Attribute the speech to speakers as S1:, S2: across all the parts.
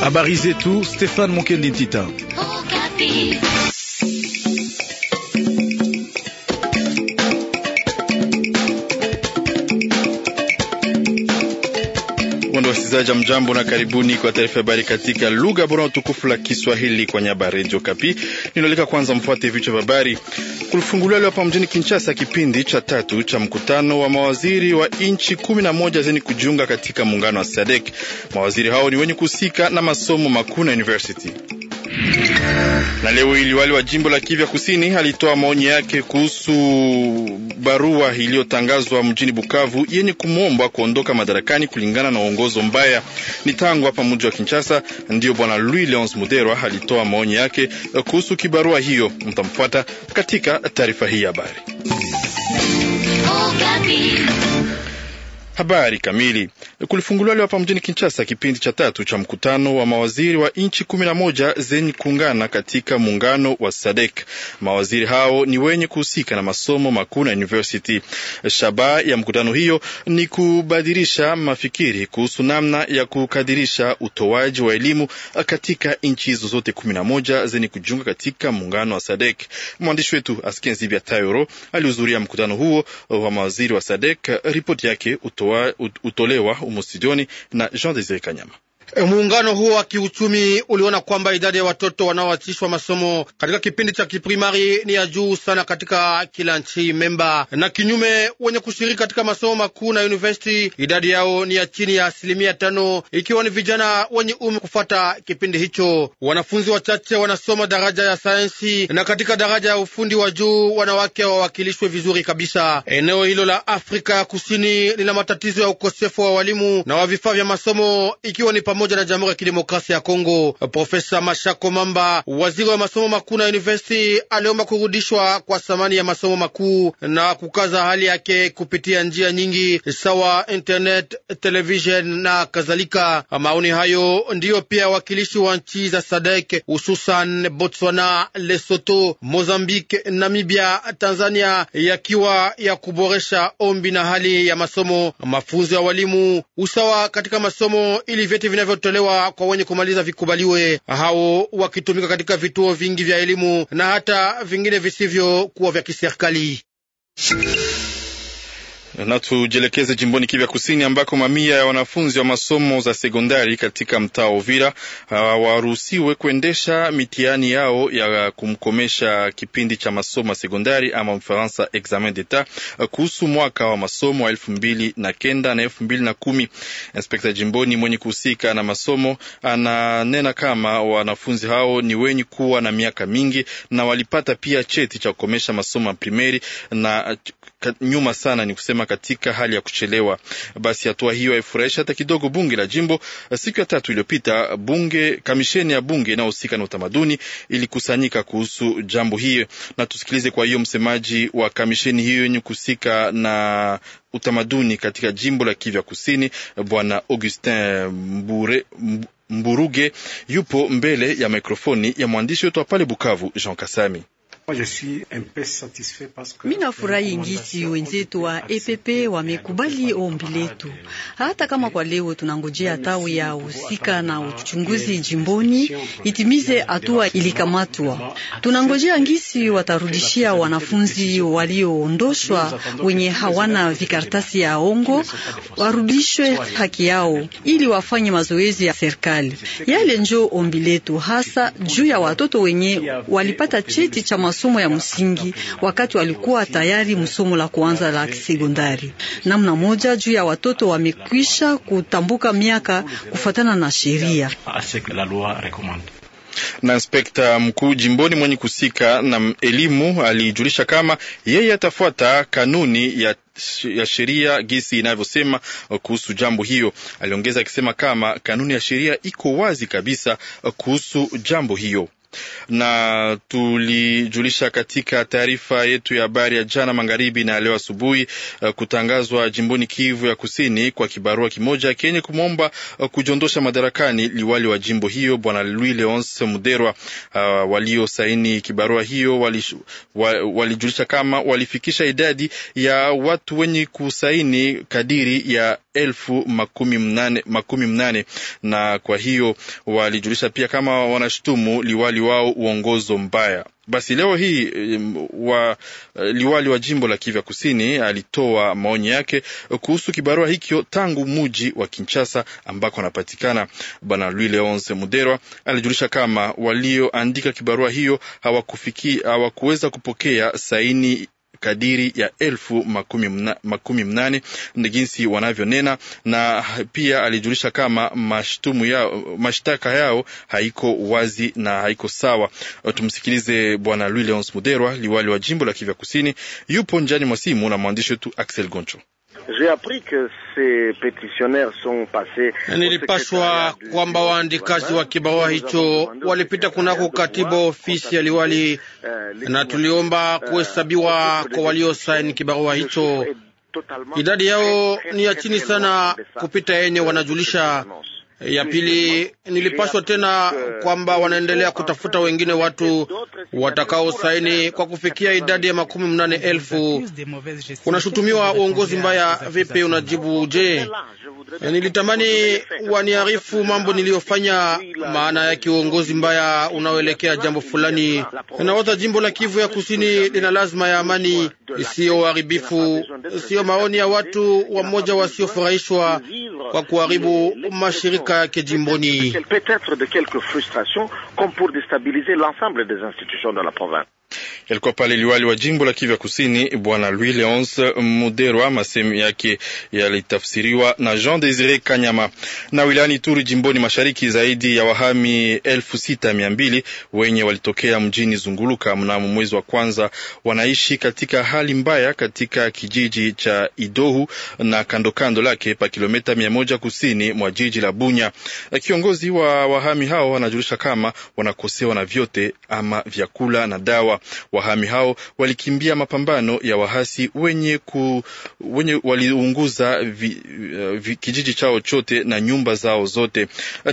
S1: Habari zetu Stefan Mokende Tita. msikilizaji, mjambo na karibuni kwa taarifa habari katika lugha bora utukufu la Kiswahili kwa nyaba Radio Kapi. Ninalika kwanza mfuate vichwa vya habari. Kulifunguliwa leo hapa mjini Kinshasa kipindi cha tatu cha mkutano wa mawaziri wa nchi kumi na moja zenye kujiunga katika muungano wa SADC. Mawaziri hao ni wenye kuhusika na masomo makuu na university na leo wali wa jimbo la kivya Kusini alitoa maoni yake kuhusu barua iliyotangazwa mjini Bukavu yenye kumwomba kuondoka madarakani kulingana na uongozo mbaya. Ni tangu hapa mji wa Kinshasa ndiyo bwana Louis Leons Muderwa alitoa maoni yake kuhusu kibarua hiyo. Mtamfuata katika taarifa hii ya habari. Oh, habari kamili kulifunguliwa leo hapa mjini Kinshasa kipindi cha tatu cha mkutano wa mawaziri wa nchi kumi na moja zenye kuungana katika muungano wa SADEK. Mawaziri hao ni wenye kuhusika na masomo makuu na university. Shabaha ya mkutano hiyo ni kubadilisha mafikiri kuhusu namna ya kukadirisha utoaji wa elimu katika nchi hizo zote kumi na moja zenye kujiunga katika muungano wa SADEK. Mwandishi wetu Askenzibia Tayoro alihudhuria mkutano huo wa mawaziri wa SADEK. Ripoti yake utoa, utolewa humo studioni na Jean Desire Kanyama.
S2: Eh, muungano huo wa kiuchumi uliona kwamba idadi ya watoto wanaoachishwa masomo katika kipindi cha kiprimari ni ya juu sana katika kila nchi memba, na kinyume, wenye kushiriki katika masomo makuu na university idadi yao ni ya chini ya asilimia tano, ikiwa ni vijana wenye umri kufuata kipindi hicho. Wanafunzi wachache wanasoma daraja ya sayansi, na katika daraja ya ufundi wa juu wanawake wawakilishwe vizuri kabisa. Eneo hilo la Afrika ya Kusini lina matatizo ya ukosefu wa walimu na wa vifaa vya masomo, ikiwa ni pamoja pamoja na Jamhuri ya Kidemokrasia ya Kongo. Profesa Mashako Mamba, waziri wa masomo makuu na university, aliomba kurudishwa kwa thamani ya masomo makuu na kukaza hali yake kupitia njia nyingi sawa internet, television na kadhalika. Maoni hayo ndiyo pia wakilishi wa nchi za SADC hususan Botswana, Lesotho, Mozambique, Namibia, Tanzania yakiwa ya kuboresha ombi na hali ya masomo, mafunzo ya walimu, usawa katika masomo ili vyeti vinavyo vinavyotolewa kwa wenye kumaliza vikubaliwe, hao wakitumika katika vituo vingi vya elimu na hata vingine visivyo kuwa vya kiserikali.
S1: Na tujielekeze jimboni Kivya Kusini ambako mamia ya wanafunzi wa masomo za sekondari katika mtaa Uvira ah, hawaruhusiwe kuendesha mitihani yao ya kumkomesha kipindi cha masomo ya sekondari ama Mfaransa examen d'etat ah, kuhusu mwaka wa masomo wa elfu mbili na kenda na elfu mbili na kumi. Inspekta jimboni mwenye kuhusika na masomo ah, ananena kama wanafunzi hao ni wenye kuwa na miaka mingi na walipata pia cheti cha kukomesha masomo ya primeri na nyuma sana, ni kusema ama katika hali ya kuchelewa. Basi hatua hiyo haifurahisha hata kidogo bunge la jimbo. Siku ya tatu iliyopita, bunge kamisheni ya bunge inayohusika na utamaduni ilikusanyika kuhusu jambo hiyo, na tusikilize kwa hiyo msemaji wa kamisheni hiyo yenye kuhusika na utamaduni katika jimbo la Kivu Kusini, bwana Augustin Mbure, Mburuge yupo mbele ya mikrofoni ya mwandishi wetu wa pale Bukavu, Jean Kasami. Minafurahi ngisi wenzetu wa e EPP wamekubali ombi letu, hata kama kwa leo tunangojea tawi ya husika na uchunguzi jimboni itimize hatua ilikamatwa. Tunangojea ngisi watarudishia wanafunzi walioondoshwa wenye hawana vikartasi ya ongo, warudishwe haki yao ili wafanye mazoezi ya serikali. Yale njo ombi letu, hasa juu ya watoto wenye walipata cheti cha masomo ya msingi wakati walikuwa tayari msomo la kuanza la sekondari. Namna moja juu ya watoto wamekwisha kutambuka miaka kufuatana na sheria na inspekta mkuu jimboni mwenye kusika na elimu alijulisha kama yeye atafuata kanuni ya, ya sheria gisi inavyosema kuhusu jambo hiyo. Aliongeza akisema kama kanuni ya sheria iko wazi kabisa kuhusu jambo hiyo na tulijulisha katika taarifa yetu ya habari ya jana magharibi na leo asubuhi eh, kutangazwa jimboni Kivu ya Kusini kwa kibarua kimoja kenye kumwomba eh, kujiondosha madarakani liwali wa jimbo hiyo Bwana Louis Leonce Muderwa. Uh, ah, waliosaini kibarua hiyo walijulisha wali kama walifikisha idadi ya watu wenye kusaini kadiri ya elfu makumi mnane, makumi mnane na kwa hiyo walijulisha pia kama wanashutumu liwali wao uongozo mbaya. Basi leo hii wa, eh, liwali wa jimbo la Kivu Kusini alitoa maoni yake kuhusu kibarua hikyo tangu muji wa Kinshasa ambako anapatikana. Bwana Louis Leonce Muderwa alijulisha kama walioandika kibarua hiyo hawakuweza kupokea saini kadiri ya elfu makumi, mna, makumi mnane ni jinsi wanavyonena, na pia alijulisha kama mashtumu yao, mashtaka yao haiko wazi na haiko sawa. Tumsikilize Bwana Louis Leons Muderwa, liwali wa jimbo la kivya Kusini, yupo njani mwa simu na mwandishi wetu Axel Goncho.
S2: J'ai appris que ces pétitionnaires sont passés. Nilipaswa kwamba waandikaji wa kibarua hicho walipita kunako katiba ofisi ya liwali euh, na tuliomba euh, kuhesabiwa kwa waliosaini kibarua hicho. Idadi yao ni ya chini sana kupita yenye euh, wanajulisha ya pili nilipashwa tena kwamba wanaendelea kutafuta wengine watu watakaosaini kwa kufikia idadi ya makumi mnane elfu. Unashutumiwa uongozi mbaya, vipi unajibu? Je, nilitamani waniarifu mambo niliyofanya, maana ya kiuongozi mbaya unaoelekea jambo fulani. Nawaza jimbo la Kivu ya kusini lina lazima ya amani, siyo uharibifu, siyo maoni ya watu wamoja wasiofurahishwa peut-être
S3: de quelques frustrations comme pour déstabiliser l'ensemble des institutions de la province
S1: Yalikuwa pale liwali wa jimbo la Kivu Kusini, Bwana Louis Leonce Muderwa. masehemu yake yalitafsiriwa na Jean Desire Kanyama. Na wilayani Turi jimboni mashariki, zaidi ya wahami elfu sita mia mbili wenye walitokea mjini Zunguluka mnamo mwezi wa kwanza wanaishi katika hali mbaya katika kijiji cha Idohu na kandokando kando lake pa kilomita mia moja kusini mwa jiji la Bunya. Kiongozi wa wahami hao wanajulisha kama wanakosewa na vyote ama vyakula na dawa. Wahami hao walikimbia mapambano ya wahasi wenye, ku, wenye waliunguza vi, eh, vi, kijiji chao chote na nyumba zao zote.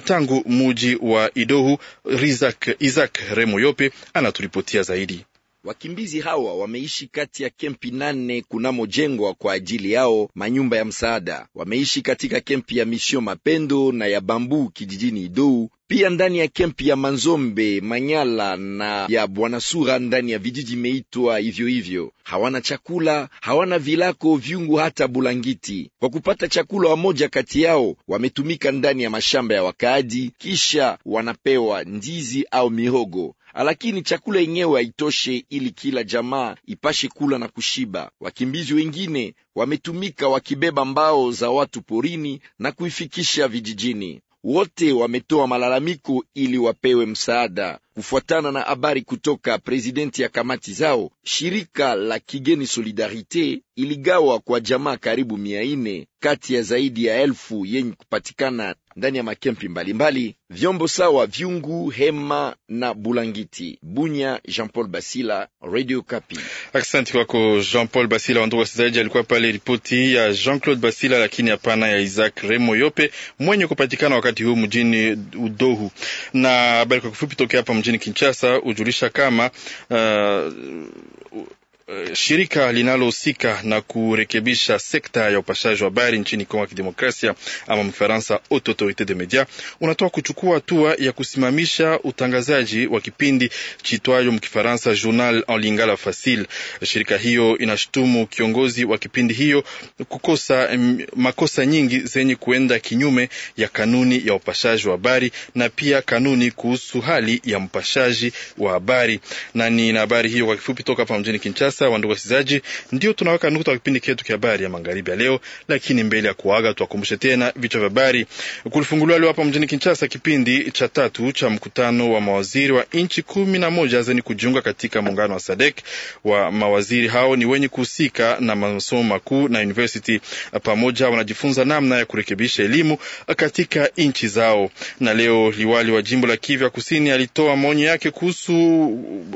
S1: Tangu muji wa Idohu, Rizak, Isaac yope anaturipotia zaidi.
S3: Wakimbizi hawa wameishi kati ya kempi nane kunamojengwa kwa ajili yao manyumba ya msaada. Wameishi katika kempi ya Misio Mapendo na ya Bambu kijijini Idou pia ndani ya kempi ya Manzombe, Manyala na ya Bwanasura ndani ya vijiji imeitwa hivyo hivyo. Hawana chakula, hawana vilako, vyungu, hata bulangiti. Kwa kupata chakula, wamoja kati yao wametumika ndani ya mashamba ya wakaaji, kisha wanapewa ndizi au mihogo lakini chakula yenyewe haitoshe ili kila jamaa ipashe kula na kushiba. Wakimbizi wengine wametumika wakibeba mbao za watu porini na kuifikisha vijijini wote wametoa malalamiko ili wapewe msaada. Kufuatana na habari kutoka prezidenti ya kamati zao, shirika la kigeni Solidarite iligawa kwa jamaa karibu mia nne kati ya zaidi ya elfu yenye kupatikana ndani ya makempi mbalimbali mbali, vyombo sawa vyungu, hema na bulangiti. Bunya, Jean Paul Basila, Radio Kapi. Asante
S1: kwako Jean Paul Basila. Wandugu wasikilizaji, alikuwa pale ripoti ya Jean Claude Basila, lakini hapana ya Isaac Remo Yope mwenye kupatikana wakati huu mjini Udohu. Na habari kwa kifupi tokea hapa mjini mjini Kinshasa hujulisha kama uh, Eh, shirika linalohusika na kurekebisha sekta ya upashaji wa habari nchini Kongo ya Kidemokrasia ama Mfaransa Haute Autorite de Media unatoa kuchukua hatua ya kusimamisha utangazaji wa kipindi chitwayo mkifaransa Journal en Lingala Facile. Shirika hiyo inashutumu kiongozi wa kipindi hiyo kukosa makosa nyingi zenye kuenda kinyume ya kanuni ya upashaji wa habari na pia kanuni kuhusu hali ya mpashaji wa habari. Na ni habari hiyo kwa kifupi toka hapa mjini Kinshasa sasa, wandugu wasikilizaji, ndio tunaweka nukta kipindi chetu cha habari ya magharibi ya leo, lakini mbele ya kuaga tuwakumbushe tena vichwa vya habari. Kulifunguliwa leo hapa mjini Kinshasa kipindi cha tatu cha mkutano wa mawaziri wa nchi kumi na moja zenye kujiunga katika muungano wa SADC. Wa mawaziri hao ni wenye kuhusika na masomo makuu na university, pamoja wanajifunza namna ya kurekebisha elimu katika nchi zao. Na leo liwali wa jimbo la Kivu Kusini alitoa maoni yake kuhusu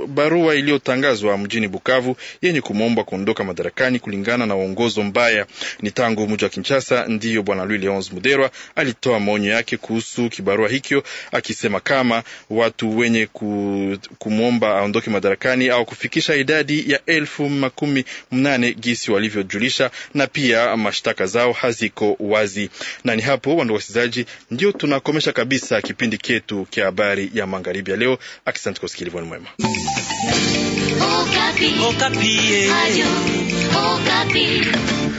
S1: barua iliyotangazwa mjini Bukavu yenye kumwomba kuondoka madarakani kulingana na uongozo mbaya. Ni tangu mji wa Kinshasa ndiyo bwana Louis Leonce Muderwa alitoa maonyo yake kuhusu kibarua hikyo, akisema kama watu wenye kumwomba aondoke madarakani au kufikisha idadi ya elfu makumi mnane gisi walivyojulisha, na pia mashtaka zao haziko wazi. Na ni hapo wandu wasikizaji, ndio tunakomesha kabisa kipindi chetu kya habari ya magharibi ya leo. Asante kusikiliza, mwema.
S3: Okapi.
S2: Eh.